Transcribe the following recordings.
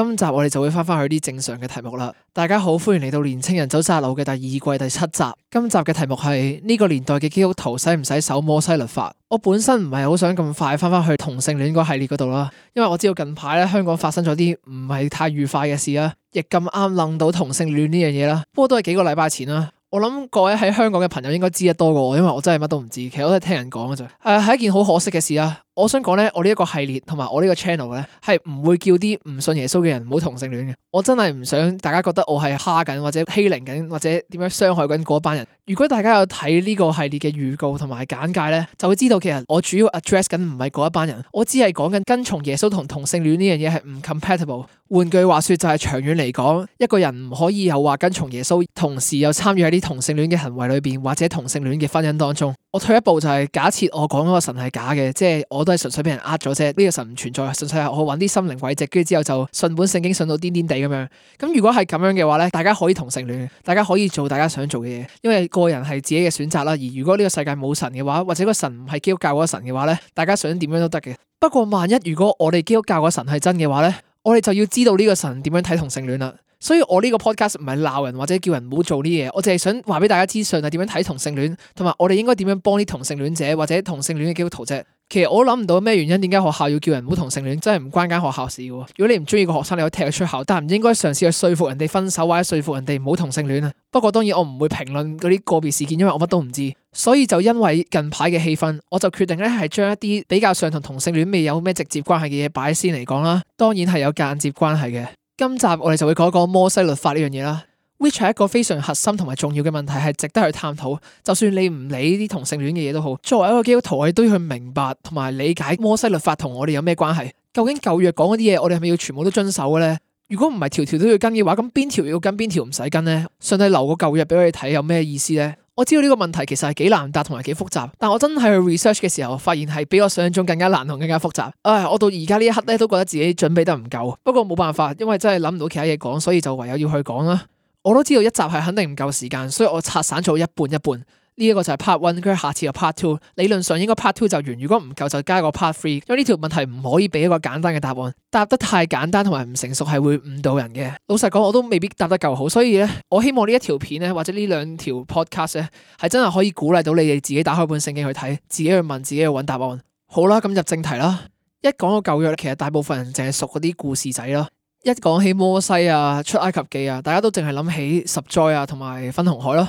今集我哋就會翻返去啲正常嘅題目啦。大家好，歡迎嚟到《年青人走窄路》嘅第二季第七集。今集嘅題目係呢個年代嘅基督徒使唔使守摩西律法？我本身唔係好想咁快翻返去同性戀嗰系列嗰度啦，因為我知道近排咧香港發生咗啲唔係太愉快嘅事啦，亦咁啱楞到同性戀呢樣嘢啦。不過都係幾個禮拜前啦，我諗各位喺香港嘅朋友應該知得多過我，因為我真係乜都唔知，其實我都係聽人講嘅啫。誒、呃，係一件好可惜嘅事啊！我想講咧，我呢一個系列同埋我呢個 channel 咧，係唔會叫啲唔信耶穌嘅人唔好同性戀嘅。我真係唔想大家覺得我係蝦緊或者欺凌緊或者點樣傷害緊嗰一班人。如果大家有睇呢個系列嘅預告同埋簡介咧，就會知道其實我主要 address 緊唔係嗰一班人，我只係講緊跟從耶穌同同性戀呢樣嘢係唔 compatible。換句話說，就係長遠嚟講，一個人唔可以又話跟從耶穌，同時又參與喺啲同性戀嘅行為裏邊或者同性戀嘅婚姻當中。我退一步就係假設我講嗰個神係假嘅，即係我都係純粹俾人呃咗啫，呢個神唔存在，純粹係我搵啲心靈鬼迹，跟住之後就信本聖經信到癲癲地咁樣。咁如果係咁樣嘅話咧，大家可以同性戀，大家可以做大家想做嘅嘢，因為個人係自己嘅選擇啦。而如果呢個世界冇神嘅話，或者個神唔係基督教嗰個神嘅話咧，大家想點樣都得嘅。不過萬一如果我哋基督教個神係真嘅話咧，我哋就要知道呢個神點樣睇同性戀啦。所以我呢個 podcast 唔係鬧人或者叫人唔好做呢啲嘢，我淨係想話俾大家資訊係點樣睇同性戀，同埋我哋應該點樣幫啲同性戀者或者同性戀嘅基督徒啫。其實我諗唔到咩原因，點解學校要叫人唔好同性戀？真係唔關間學校的事嘅。如果你唔中意個學生，你可以踢佢出校，但係唔應該嘗試去說服人哋分手或者說服人哋唔好同性戀啊。不過當然我唔會評論嗰啲個別事件，因為我乜都唔知。所以就因為近排嘅氣氛，我就決定咧係將一啲比較上同同性戀未有咩直接關係嘅嘢擺先嚟講啦。當然係有間接關係嘅。今集我哋就會講講摩西律法呢樣嘢啦。Which 係一個非常核心同埋重要嘅問題，係值得去探討。就算你唔理啲同性戀嘅嘢都好，作為一個基督徒，我都要去明白同埋理解摩西律法同我哋有咩關係。究竟舊約講嗰啲嘢，我哋係咪要全部都遵守嘅咧？如果唔係條條都要跟嘅話，咁邊條要跟，邊條唔使跟咧？上帝留個舊約俾我哋睇，有咩意思咧？我知道呢個問題其實係幾難答同埋幾複雜，但我真係去 research 嘅時候，發現係比我想象中更加難同更加複雜。唉，我到而家呢一刻咧，都覺得自己準備得唔夠。不過冇辦法，因為真係諗唔到其他嘢講，所以就唯有要去講啦。我都知道一集係肯定唔夠時間，所以我拆散咗一半一半。呢一個就係 part one，跟住下次就 part two。理論上應該 part two 就完，如果唔夠就加個 part three。因為呢條問題唔可以俾一個簡單嘅答案，答得太簡單同埋唔成熟係會誤導人嘅。老實講，我都未必答得夠好，所以咧，我希望呢一條片咧或者呢兩條 podcast 咧係真係可以鼓勵到你哋自己打開本聖經去睇，自己去問，自己去揾答案。好啦，咁入正題啦。一講到舊約，其實大部分人淨係熟嗰啲故事仔咯。一講起摩西啊，出埃及記啊，大家都淨係諗起十災啊，同埋分紅海咯。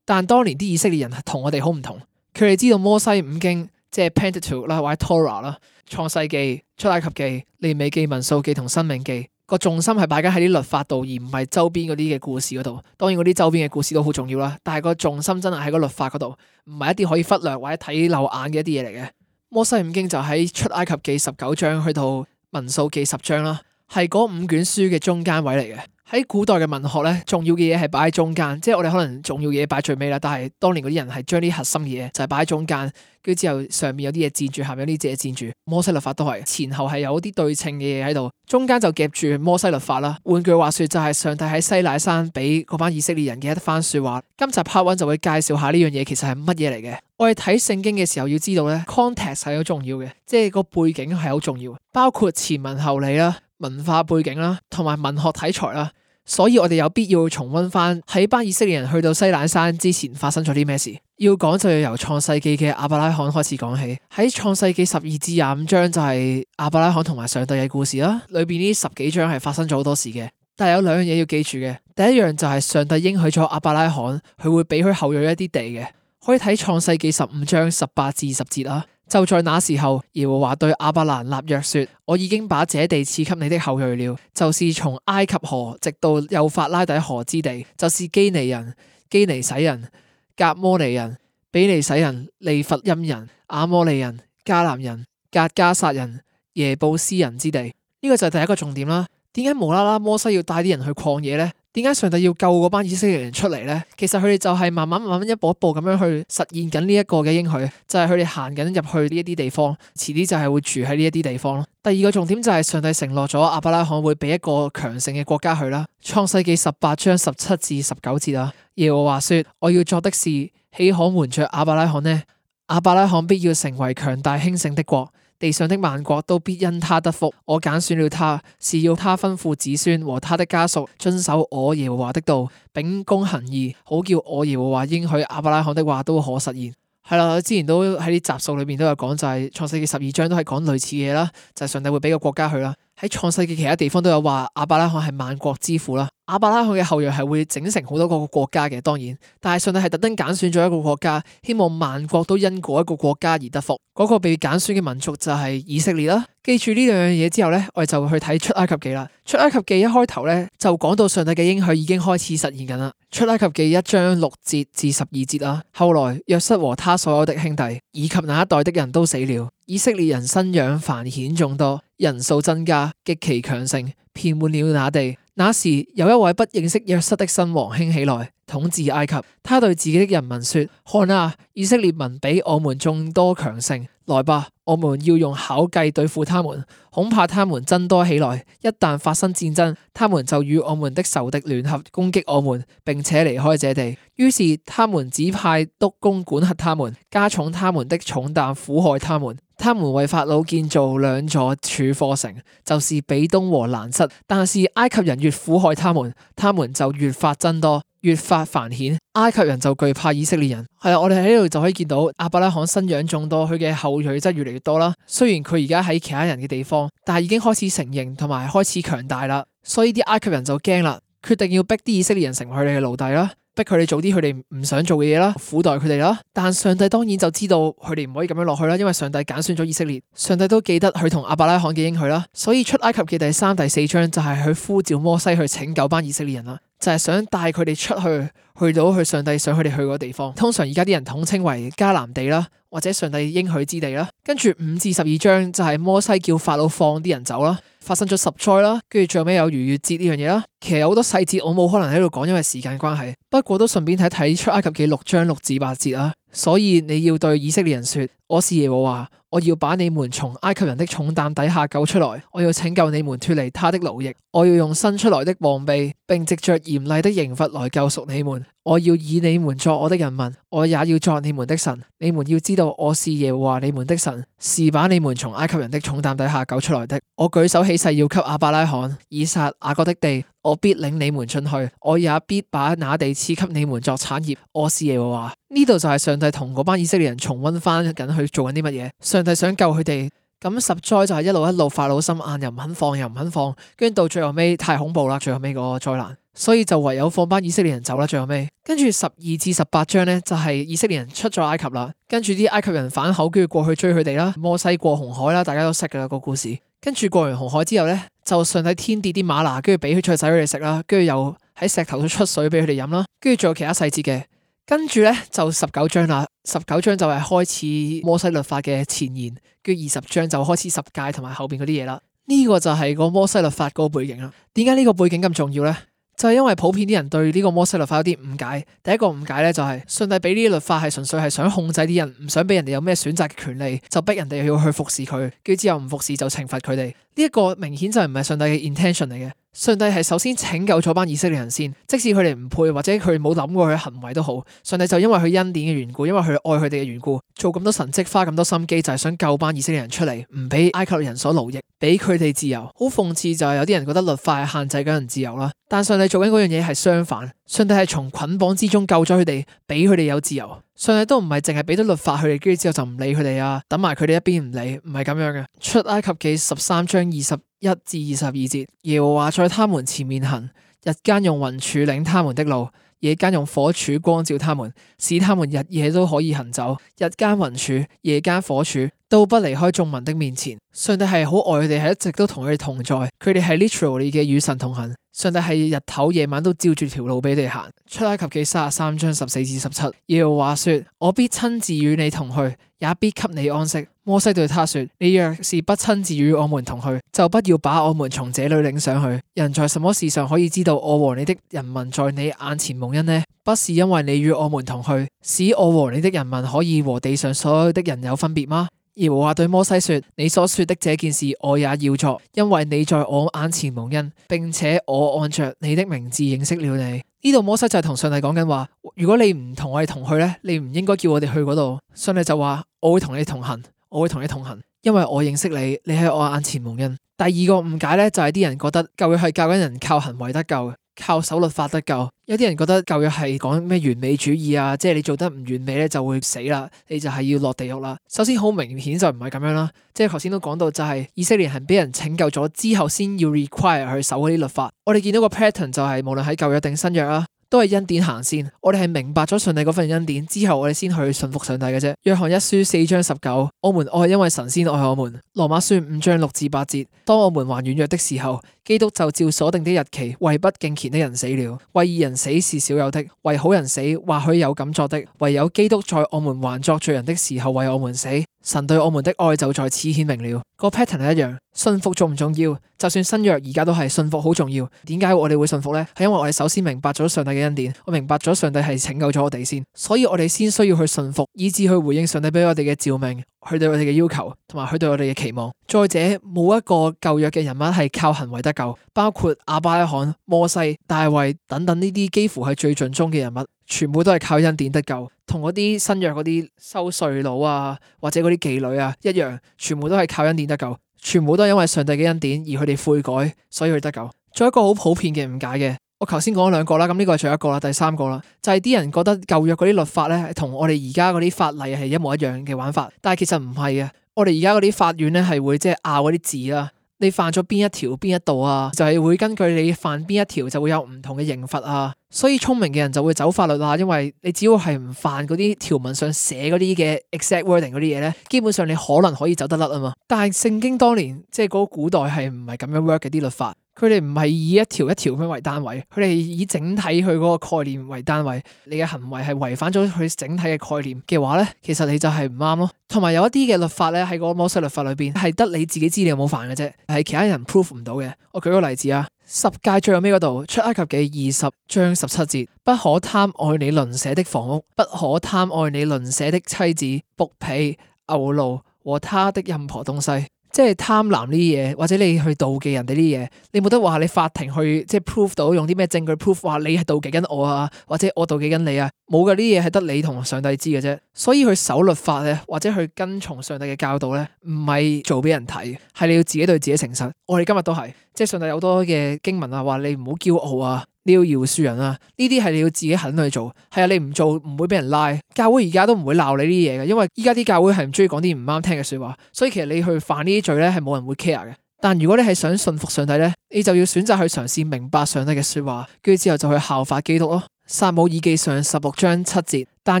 但當年啲以色列人同我哋好唔同，佢哋知道摩西五經，即係 Pentateuch 啦，或者 Torah 啦，創世記、出埃及記、利未記、民數記同申命記，個重心係擺緊喺啲律法度，而唔係周邊嗰啲嘅故事嗰度。當然嗰啲周邊嘅故事都好重要啦，但係個重心真係喺個律法嗰度，唔係一啲可以忽略或者睇漏眼嘅一啲嘢嚟嘅。摩西五經就喺出埃及記十九章去到民數記十章啦。係嗰五卷書嘅中間位嚟嘅。喺古代嘅文學咧，重要嘅嘢係擺喺中間，即係我哋可能重要嘢擺最尾啦。但係當年嗰啲人係將啲核心嘢就係擺喺中間，跟住之後上面有啲嘢佔住，下面有啲嘢佔住。摩西律法都係前後係有啲對稱嘅嘢喺度，中間就夾住摩西律法啦。換句話說，就係上帝喺西乃山俾嗰班以色列人嘅一番說話。今集 Part I 就會介紹下呢樣嘢其實係乜嘢嚟嘅。我哋睇聖經嘅時候要知道咧，context 係好重要嘅，即係個背景係好重要，包括前文後理啦。文化背景啦，同埋文學題材啦，所以我哋有必要重温翻喺班以色列人去到西乃山之前發生咗啲咩事。要講就要由創世記嘅亞伯拉罕開始講起。喺創世記十二至廿五章就係亞伯拉罕同埋上帝嘅故事啦。裏邊呢十幾章係發生咗好多事嘅，但係有兩樣嘢要記住嘅。第一樣就係上帝應許咗亞伯拉罕，佢會俾佢後裔一啲地嘅。可以睇創世記十五章十八至二十節啦。.就在那時候，耶和華對亞伯蘭立約說：我已經把這地賜給你的後裔了，就是從埃及河直到幼發拉底河之地，就是基尼人、基尼洗人、迦摩尼人、比利洗人、利弗因人、亞摩利人、迦南人、格加殺人、耶布斯人之地。呢個就係第一個重點啦。點解無啦啦摩西要帶啲人去曠野咧？點解上帝要救嗰班以色列人出嚟咧？其實佢哋就係慢慢慢慢一步一步咁樣去實現緊呢一個嘅應許，就係佢哋行緊入去呢一啲地方，遲啲就係會住喺呢一啲地方咯。第二個重點就係上帝承諾咗亞伯拉罕會俾一個強盛嘅國家佢啦。創世記十八章十七至十九節啊，耶和華說：我要作的事，豈可瞞著亞伯拉罕呢？亞伯拉罕必要成為強大興盛的國。地上的萬國都必因他得福，我揀選了他，是要他吩咐子孫和他的家屬遵守我耶和華的道，秉公行義，好叫我耶和華應許亞伯拉罕的話都可實現。係啦，我之前都喺啲集數裏面都有講，就係、是、創世記十二章都係講類似嘢啦，就係、是、上帝會俾個國家佢啦。喺創世記其他地方都有話亞伯拉罕係萬國之父啦。亞伯拉罕嘅後裔係會整成好多個國家嘅，當然，但係上帝係特登揀選咗一個國家，希望萬國都因嗰一個國家而得福。嗰個被揀選嘅民族就係以色列啦。記住呢兩樣嘢之後咧，我哋就會去睇出埃及記啦。出埃及記一開頭咧就講到上帝嘅應許已經開始實現緊啦。出埃及記一章六節至十二節啦。後來約瑟和他所有的兄弟以及那一代的人都死了，以色列人生養繁衍眾多，人數增加，極其強盛，遍滿了那地。那時有一位不認識約瑟的新王興起來統治埃及。他對自己的人民說：「看啊，以色列民比我們眾多強盛。來吧，我們要用巧計對付他們。恐怕他們增多起來，一旦發生戰爭，他們就與我們的仇敵聯合攻擊我們，並且離開這地。」於是他們指派督工管轄他們，加重他們的重擔，苦害他們。他們為法老建造兩座儲貨城，就是比東和蘭室。但是埃及人越苦害他們，他們就越發增多，越發繁衍。埃及人就懼怕以色列人。係、嗯、啦，我哋喺呢度就可以見到亞伯拉罕生養眾多，佢嘅後裔則越嚟越多啦。雖然佢而家喺其他人嘅地方，但係已經開始成形同埋開始強大啦。所以啲埃及人就驚啦，決定要逼啲以色列人成為佢哋嘅奴隸啦。逼佢哋做啲佢哋唔想做嘅嘢啦，苦待佢哋啦。但上帝當然就知道佢哋唔可以咁樣落去啦，因為上帝揀選咗以色列，上帝都記得佢同阿伯拉罕嘅應許啦。所以出埃及記第三、第四章就係佢呼召摩西去拯救班以色列人啦，就係、是、想帶佢哋出去，去到佢上帝想佢哋去嘅地方。通常而家啲人統稱為迦南地啦，或者上帝應許之地啦。跟住五至十二章就係摩西叫法老放啲人走啦。發生咗十災啦，跟住最尾有逾越節呢樣嘢啦。其實有好多細節我冇可能喺度講，因為時間關係。不過都順便睇睇出埃及記六章六至八節啦。所以你要對以色列人說。我是耶和華，我要把你們從埃及人的重擔底下救出來，我要拯救你們脫離他的奴役，我要用伸出來的膀臂，並藉着嚴厲的刑罰來救贖你們。我要以你們作我的人民，我也要作你們的神。你們要知道我是耶和華你們的神，是把你們從埃及人的重擔底下救出來的。我舉手起誓要給亞伯拉罕、以撒、雅各的地，我必領你們進去，我也必把那地賜給你們作產業。我是耶和華，呢度就係上帝同嗰班以色列人重溫返緊。去做緊啲乜嘢？上帝想救佢哋，咁十災就係一路一路法老心硬，又唔肯放，又唔肯放，跟住到最後尾太恐怖啦！最後尾個災難，所以就唯有放班以色列人走啦。最後尾，跟住十二至十八章咧，就係、是、以色列人出咗埃及啦。跟住啲埃及人反口，跟住過去追佢哋啦。摩西過紅海啦，大家都識㗎啦個故事。跟住過完紅海之後咧，就上帝天跌啲嗎哪，跟住俾佢菜仔佢哋食啦，跟住又喺石頭度出水俾佢哋飲啦，跟住仲有其他細節嘅。跟住咧就十九章啦，十九章就係開始摩西律法嘅前言，跟住二十章就開始十誡同埋後面嗰啲嘢啦。呢個就係個摩西律法個背景啦。點解呢個背景咁重要咧？就係因為普遍啲人對呢個摩西律法有啲誤解。第一個誤解咧就係上帝俾呢啲律法係純粹係想控制啲人，唔想俾人哋有咩選擇嘅權利，就逼人哋要去服侍佢，跟住之後唔服侍就懲罰佢哋。呢一個明顯就係唔係上帝嘅 intention 嚟嘅。上帝係首先拯救咗班以色列人先，即使佢哋唔配或者佢冇諗過佢嘅行為都好，上帝就因為佢恩典嘅緣故，因為佢愛佢哋嘅緣故，做咁多神蹟，花咁多心機就係想救班以色列人出嚟，唔俾埃及人所奴役，俾佢哋自由。好諷刺就係有啲人覺得律法係限制緊人自由啦。但上帝做緊嗰樣嘢係相反，上帝係從捆綁之中救咗佢哋，畀佢哋有自由。上帝都唔係淨係畀咗律法佢哋，跟住之後就唔理佢哋啊，等埋佢哋一邊唔理，唔係咁樣嘅。出埃及記十三章二十一至二十二節，耶和華在他們前面行，日間用雲柱領他們的路，夜間用火柱光照他們，使他們日夜都可以行走。日間雲柱，夜間火柱。都不離開眾民的面前，上帝係好愛佢哋，係一直都同佢哋同在，佢哋係 literally 嘅與神同行。上帝係日頭夜晚都照住條路俾你行。出埃及記三十三章十四至十七，耶和華說：我必親自與你同去，也必給你安息。摩西對他說：你若是不親自與我們同去，就不要把我們從這裏領上去。人在什麼事上可以知道我和你的人民在你眼前蒙恩呢？不是因為你與我們同去，使我和你的人民可以和地上所有的人有分別嗎？耶和華對摩西說：你所說的這件事我也要做，因為你在我眼前蒙恩，並且我按着你的名字認識了你。呢度摩西就係同上帝講緊話：如果你唔同我哋同去呢，你唔應該叫我哋去嗰度。上帝就話：我會同你同行，我會同你同行，因為我認識你，你喺我眼前蒙恩。第二個誤解呢，就係、是、啲人覺得舊約係教緊人靠行為得救嘅靠守律法得救，有啲人覺得舊約係講咩完美主義啊，即係你做得唔完美咧，就會死啦，你就係要落地獄啦。首先好明顯就唔係咁樣啦，即係頭先都講到就係以色列人係俾人拯救咗之後先要 require 去守嗰啲律法。我哋見到個 pattern 就係無論喺舊約定新約啊。都係恩典行先，我哋係明白咗上帝嗰份恩典之後，我哋先去信服上帝嘅啫。約翰一書四章十九，我們愛因為神先愛我們。羅馬書五章六至八節，當我們還軟弱的時候，基督就照所定的日期，為不敬虔的人死了。為義人死是少有的，為好人死或許有敢作的，唯有基督在我們還作罪人的時候為我們死。神對我們的愛就在此顯明了，個 pattern 係一樣，信服重唔重要？就算新約而家都係信服好重要。點解我哋會信服呢？係因為我哋首先明白咗上帝嘅恩典，我明白咗上帝係拯救咗我哋先，所以我哋先需要去信服，以致去回應上帝畀我哋嘅召命。佢對我哋嘅要求，同埋佢對我哋嘅期望。再者，冇一個舊約嘅人物係靠行為得救，包括亞伯拉罕、摩西、大衛等等呢啲幾乎係最盡忠嘅人物，全部都係靠恩典得救。同嗰啲新約嗰啲收稅佬啊，或者嗰啲妓女啊一樣，全部都係靠恩典得救，全部都係因為上帝嘅恩典而佢哋悔改，所以佢得救。仲有一個好普遍嘅誤解嘅。我頭先講咗兩個啦，咁、這、呢個係最後一個啦，第三個啦，就係、是、啲人覺得舊約嗰啲律法咧，同我哋而家嗰啲法例係一模一樣嘅玩法，但係其實唔係嘅。我哋而家嗰啲法院咧係會即係拗嗰啲字啦，你犯咗邊一條邊一度啊，就係、是、會根據你犯邊一條就會有唔同嘅刑罰啊。所以聰明嘅人就會走法律啊，因為你只要係唔犯嗰啲條文上寫嗰啲嘅 exact wording 嗰啲嘢咧，基本上你可能可以走得甩啊嘛。但係聖經當年即係嗰個古代係唔係咁樣 work 嘅啲律法。佢哋唔係以一條一條分為單位，佢哋以整體佢嗰個概念為單位。你嘅行為係違反咗佢整體嘅概念嘅話咧，其實你就係唔啱咯。同埋有一啲嘅律法咧，喺個摩西律法裏邊係得你自己知你有冇犯嘅啫，係其他人 prove 唔到嘅。我舉個例子啊，十誡最後尾嗰度，出埃及記二十章十七節，不可貪愛你鄰舍的房屋，不可貪愛你鄰舍的妻子、僕婢、牛驢和他的任何東西。即係貪婪呢啲嘢，或者你去妒忌人哋啲嘢，你冇得話你法庭去即係 prove 到，用啲咩證據 prove 話你係妒忌緊我啊，或者我妒忌緊你啊，冇噶呢啲嘢係得你同上帝知嘅啫。所以去守律法咧，或者去跟從上帝嘅教導咧，唔係做俾人睇，係你要自己對自己誠實。我哋今日都係。即係上帝有好多嘅經文啊，話你唔好驕傲啊，你要饒恕人啊，呢啲係你要自己肯去做。係啊，你唔做唔會俾人拉。教會而家都唔會鬧你呢啲嘢㗎，因為而家啲教會係唔中意講啲唔啱聽嘅說話。所以其實你去犯呢啲罪咧，係冇人會 care 嘅。但如果你係想信服上帝咧，你就要選擇去嘗試明白上帝嘅說話，跟住之後就去效法基督咯。撒母耳記上十六章七節，但而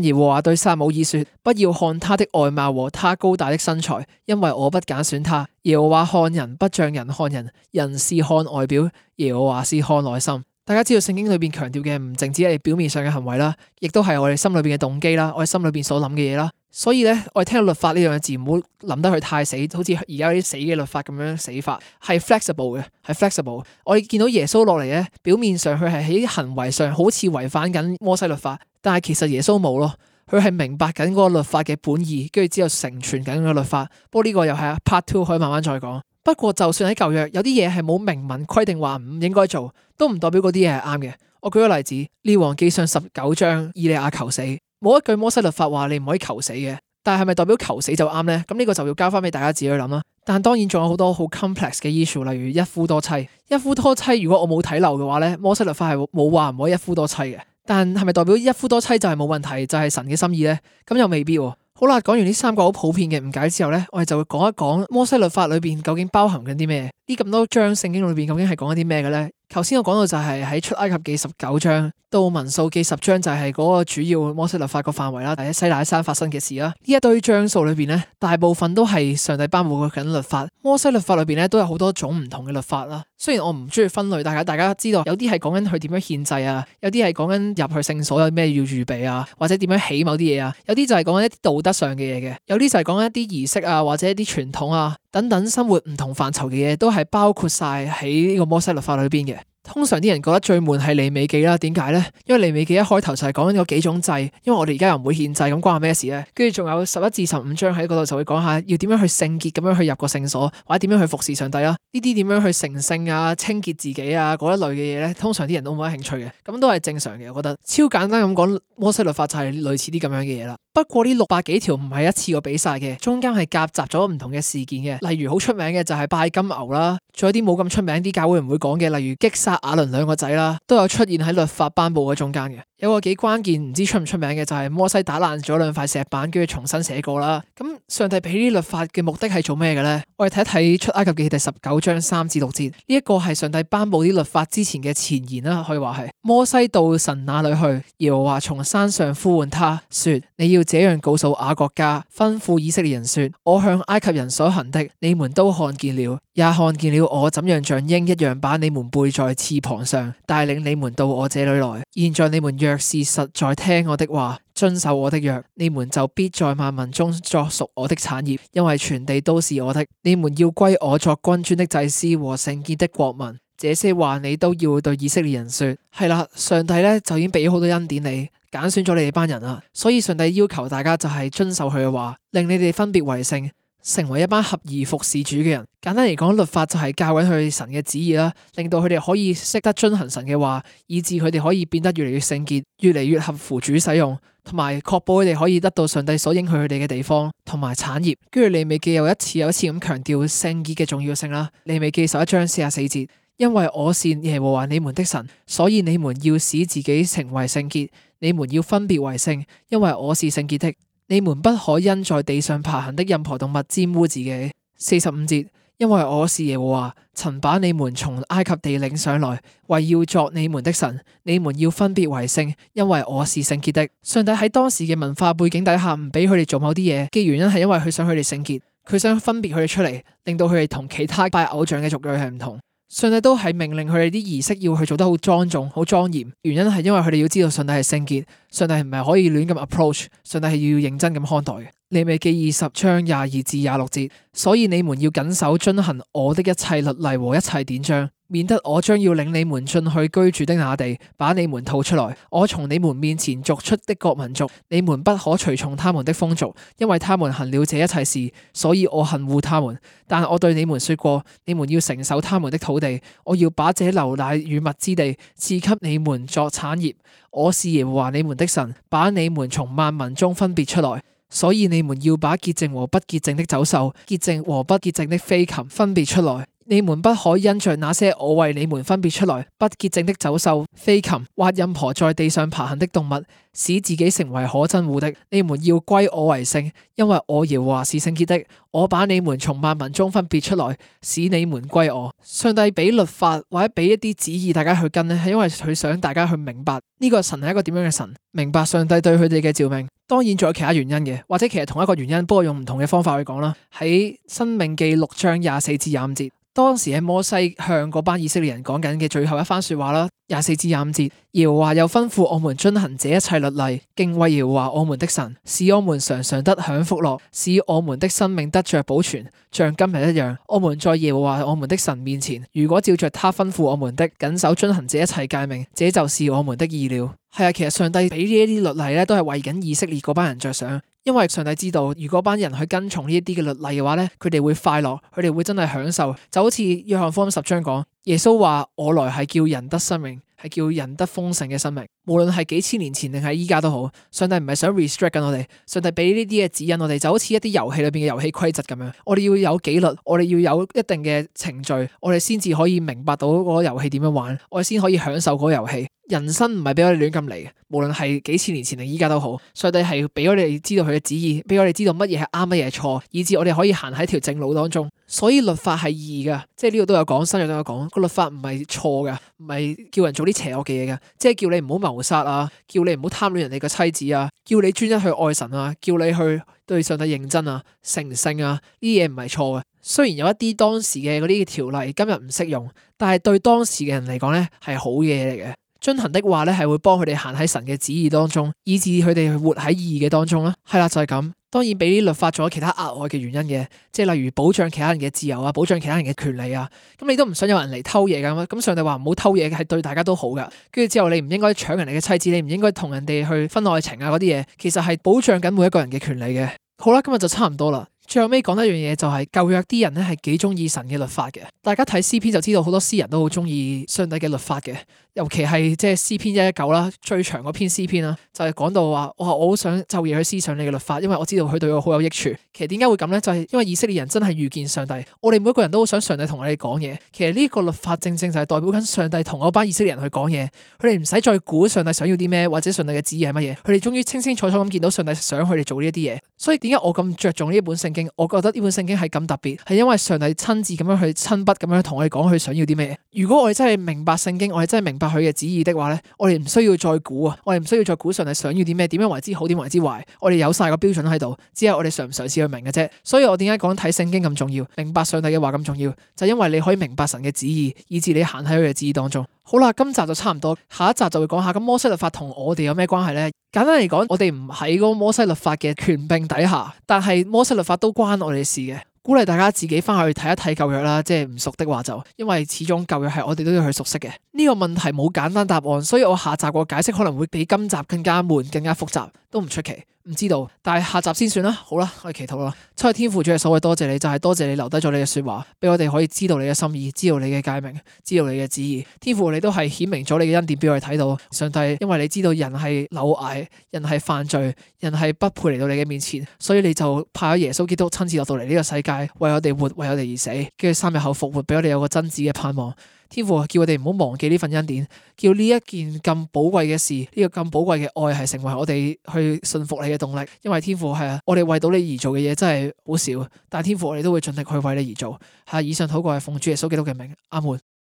耶和華、啊、對撒母耳說：不要看他的外貌和他高大的身材，因為我不揀選他。耶和華、啊、看人不像人看人，人是看外表，耶和華、啊、是看內心。大家知道聖經裏面強調嘅唔淨止係表面上嘅行為啦，亦都係我哋心裏邊嘅動機啦，我哋心裏邊所諗嘅嘢啦。所以咧，我哋聽到律法呢兩個字，唔好諗得佢太死，好似而家啲死嘅律法咁樣死法，係 flexible 嘅，係 flexible。我哋見到耶穌落嚟咧，表面上佢係喺行為上好似違反緊摩西律法，但係其實耶穌冇咯，佢係明白緊嗰個律法嘅本意，跟住之後成全緊個律法。不過呢個又係啊 part two，可以慢慢再講。不過就算喺舊約，有啲嘢係冇明文規定話唔應該做，都唔代表嗰啲嘢係啱嘅。我舉個例子，《列王記上》十九章，以利亞求死。冇一句摩西律法話你唔可以求死嘅，但係係咪代表求死就啱咧？咁、這、呢個就要交翻俾大家自己去諗啦。但當然仲有好多好 complex 嘅 issue，例如一夫多妻、一夫多妻。如果我冇睇漏嘅話咧，摩西律法係冇話唔可以一夫多妻嘅。但係咪代表一夫多妻就係冇問題就係、是、神嘅心意咧？咁又未必、喎。好啦，講完呢三個好普遍嘅誤解之後咧，我哋就會講一講摩西律法裏邊究竟包含緊啲咩。呢咁多章聖經裏邊究竟係講緊啲咩嘅咧？頭先我講到就係喺出埃及記十九章到民數記十章就係嗰個主要摩西律法個範圍啦，或者西奈山發生嘅事啦。呢一堆章數裏邊咧，大部分都係上帝頒布嘅緊律法。摩西律法裏邊咧，都有好多種唔同嘅律法啦。雖然我唔中意分類，但係大家知道有啲係講緊佢點樣獻祭啊，有啲係講緊入去聖所有咩要預備啊，或者點樣起某啲嘢啊，有啲就係講緊一啲道德上嘅嘢嘅，有啲就係講緊一啲儀式啊或者一啲傳統啊等等生活唔同範疇嘅嘢都。係包括晒喺呢個摩西律法裏邊嘅。通常啲人覺得最悶係利未記啦，點解咧？因為利未記一開頭就係講緊嗰幾種祭，因為我哋而家又唔會獻祭，咁關我咩事咧？跟住仲有十一至十五章喺嗰度就會講下要點樣去聖潔，咁樣去入個聖所，或者點樣去服侍上帝啦，呢啲點樣去成聖啊、清潔自己啊嗰一類嘅嘢咧，通常啲人都冇乜興趣嘅，咁都係正常嘅，我覺得超簡單咁講摩西律法就係類似啲咁樣嘅嘢啦。不過呢六百幾條唔係一次過俾晒嘅，中間係夾雜咗唔同嘅事件嘅，例如好出名嘅就係拜金牛啦，仲有啲冇咁出名啲教會唔會講嘅，例如擊亞倫兩個仔啦，都有出現喺律法頒布嘅中間嘅。有個幾關鍵唔知出唔出名嘅，就係、是、摩西打爛咗兩塊石板，跟住重新寫過啦。咁、嗯、上帝俾啲律法嘅目的係做咩嘅呢？我哋睇一睇出埃及記第十九章三至六節，呢、這、一個係上帝頒布啲律法之前嘅前言啦，可以話係摩西到神那裏去，耶和華從山上呼喚他說：你要這樣告訴雅各家，吩咐以色列人說：我向埃及人所行的，你們都看見了，也看見了我怎樣像鷹一樣把你們背在翅膀上，帶領你們到我這裏來。現在你們若是實在聽我的話，遵守我的約，你們就必在萬民中作屬我的產業，因為全地都是我的。你們要歸我作君尊的祭司和聖潔的國民。這些話你都要對以色列人說。係啦，上帝咧就已經俾好多恩典你，揀選咗你哋班人啦，所以上帝要求大家就係遵守佢嘅話，令你哋分別為聖。成為一班合而服侍主嘅人，簡單嚟講，律法就係教緊佢哋神嘅旨意啦，令到佢哋可以識得遵行神嘅話，以致佢哋可以變得越嚟越聖潔，越嚟越合乎主使用，同埋確保佢哋可以得到上帝所應許佢哋嘅地方同埋產業。跟住利未記又一次又一次咁強調聖潔嘅重要性啦。利未記十一章四十四節，因為我是耶和華你們的神，所以你們要使自己成為聖潔，你們要分別為聖，因為我是聖潔的。你們不可因在地上爬行的任何動物沾污自己。四十五節，因為我是耶和華，曾把你們從埃及地領上來，為要作你們的神。你們要分別為聖，因為我是聖潔的。上帝喺當時嘅文化背景底下，唔畀佢哋做某啲嘢嘅原因，係因為佢想佢哋聖潔，佢想分別佢哋出嚟，令到佢哋同其他拜偶像嘅族類係唔同。上帝都係命令佢哋啲儀式，要佢做得好莊重、好莊嚴，原因係因為佢哋要知道上帝係聖潔，上帝唔係可以亂咁 approach，上帝係要認真咁看待嘅。利未記二十章廿二至廿六節，所以你們要謹守遵行我的一切律例和一切典章。免得我將要領你們進去居住的那地，把你們吐出來。我從你們面前逐出的各民族，你們不可隨從他們的風俗，因為他們行了這一切事，所以我恨惡他們。但我對你們說過，你們要承受他們的土地。我要把這流奶與蜜之地賜給你們作產業。我是耶和華你們的神，把你們從萬民中分別出來，所以你們要把潔淨和不潔淨的走獸、潔淨和不潔淨的飛禽分別出來。你們不可因着那些我為你們分別出來不潔淨的走獸、飛禽或任何在地上爬行的動物，使自己成為可憎污的。你們要歸我為聖，因為我耶和華是聖潔的。我把你們從萬民中分別出來，使你們歸我。上帝畀律法或者俾一啲旨意，大家去跟呢，係因為佢想大家去明白呢、呢個神係一個點樣嘅神，明白上帝對佢哋嘅召命。當然仲有其他原因嘅，或者其實同一個原因，不過用唔同嘅方法去講啦。喺《申命記》六章廿四至廿五節。當時喺摩西向嗰班以色列人講緊嘅最後一番說話啦，廿四至廿五節，耶和華又吩咐我們遵行這一切律例，敬畏耶和華我們的神，使我們常常得享福樂，使我們的生命得着保存，像今日一樣。我們在耶和華我們的神面前，如果照着他吩咐我們的，謹守遵行這一切誡命，這就是我們的意料。係啊，其實上帝俾呢一啲律例咧，都係為緊以色列嗰班人着想。因為上帝知道，如果班人去跟從呢一啲嘅律例嘅話咧，佢哋會快樂，佢哋會真係享受，就好似約翰福音十章講，耶穌話：我來係叫人得生命，係叫人得豐盛嘅生命。無論係幾千年前定係依家都好，上帝唔係想 restrict 緊我哋，上帝俾呢啲嘢指引我哋，就好似一啲遊戲裏邊嘅遊戲規則咁樣，我哋要有紀律，我哋要有一定嘅程序，我哋先至可以明白到嗰個遊戲點樣玩，我哋先可以享受嗰個遊戲。人生唔係俾我哋亂咁嚟嘅，無論係幾千年前定依家都好，上帝係俾我哋知道佢嘅旨意，俾我哋知道乜嘢係啱，乜嘢係錯，以至我哋可以行喺條正路當中。所以律法係義嘅，即係呢度都有講，新約都有講，個律法唔係錯嘅，唔係叫人做啲邪惡嘅嘢嘅，即係叫你唔好謀。謀殺啊！叫你唔好貪戀人哋嘅妻子啊！叫你專一去愛神啊！叫你去對上帝認真啊！成聖啊！呢啲嘢唔係錯嘅。雖然有一啲當時嘅嗰啲條例今日唔適用，但係對當時嘅人嚟講咧係好嘢嚟嘅。遵行的話咧係會幫佢哋行喺神嘅旨意當中，以致佢哋活喺意義嘅當中啦、啊。係啦，就係、是、咁。當然俾啲律法仲有其他額外嘅原因嘅，即係例如保障其他人嘅自由啊，保障其他人嘅權利啊，咁你都唔想有人嚟偷嘢咁啊？咁上帝話唔好偷嘢係對大家都好噶，跟住之後你唔應該搶人哋嘅妻子，你唔應該同人哋去分愛情啊嗰啲嘢，其實係保障緊每一個人嘅權利嘅。好啦，今日就差唔多啦，最後尾講一樣嘢就係舊約啲人咧係幾中意神嘅律法嘅，大家睇詩篇就知道好多詩人都好中意上帝嘅律法嘅。尤其係即係詩篇一一九啦，最長嗰篇詩篇啦，就係講到話，我好想晝夜去思想你嘅律法，因為我知道佢對我好有益處。其實點解會咁咧？就係因為以色列人真係遇見上帝，我哋每一個人都好想上帝同我哋講嘢。其實呢個律法正正就係代表緊上帝同我班以色列人去講嘢，佢哋唔使再估上帝想要啲咩或者上帝嘅旨意係乜嘢，佢哋終於清清楚楚咁見到上帝想佢哋做呢一啲嘢。所以點解我咁着重呢一本聖經？我覺得呢本聖經係咁特別，係因為上帝親自咁樣去親筆咁樣同我哋講佢想要啲咩。如果我哋真係明白聖經，我哋真係明白佢嘅旨意的話咧，我哋唔需要再估啊！我哋唔需要再估上帝想要啲咩，點樣為之好，點為之壞，我哋有晒個標準喺度，只係我哋嘗唔嘗試去明嘅啫。所以我點解講睇聖經咁重要，明白上帝嘅話咁重要，就是，因為你可以明白神嘅旨意，以致你行喺佢嘅旨意當中。好啦，今集就差唔多，下一集就會講下咁摩西律法同我哋有咩關係咧？簡單嚟講，我哋唔喺嗰個摩西律法嘅權柄底下，但係摩西律法都關我哋事嘅。鼓勵大家自己翻去睇一睇舊約啦，即係唔熟的話就，因為始終舊約係我哋都要去熟悉嘅。呢個問題冇簡單答案，所以我下集個解釋可能會比今集更加悶、更加複雜，都唔出奇。唔知道，但係下集先算啦。好啦，我哋祈禱啦。出去天父，主耶穌，多謝你，就係、是、多謝你留低咗你嘅說話，俾我哋可以知道你嘅心意，知道你嘅誡命，知道你嘅旨意。天父，你都係顯明咗你嘅恩典俾我哋睇到。上帝，因為你知道人係朽矮，人係犯罪，人係不配嚟到你嘅面前，所以你就派咗耶穌基督親自落到嚟呢個世界，為我哋活，為我哋而死，跟住三日後復活，俾我哋有個真子嘅盼望。天父，叫我哋唔好忘記呢份恩典，叫呢一件咁寶貴嘅事，呢、這個咁寶貴嘅愛係成為我哋去信服你嘅動力。因為天父係啊，我哋為到你而做嘅嘢，真係好少，但係天父，我哋都會盡力去為你而做。係以上禱告，係奉主耶穌基督嘅名，阿門。